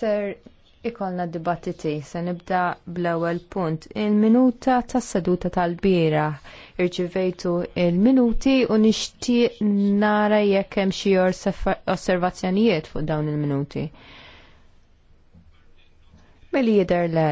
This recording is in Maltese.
Ser ikolna dibattiti, se nibda bl-ewwel punt. Il-minuta tas seduta tal-bira irċivejtu il-minuti u nixtieq nara jekk hemm xi osservazzjonijiet fuq dawn il-minuti. Meli jidher l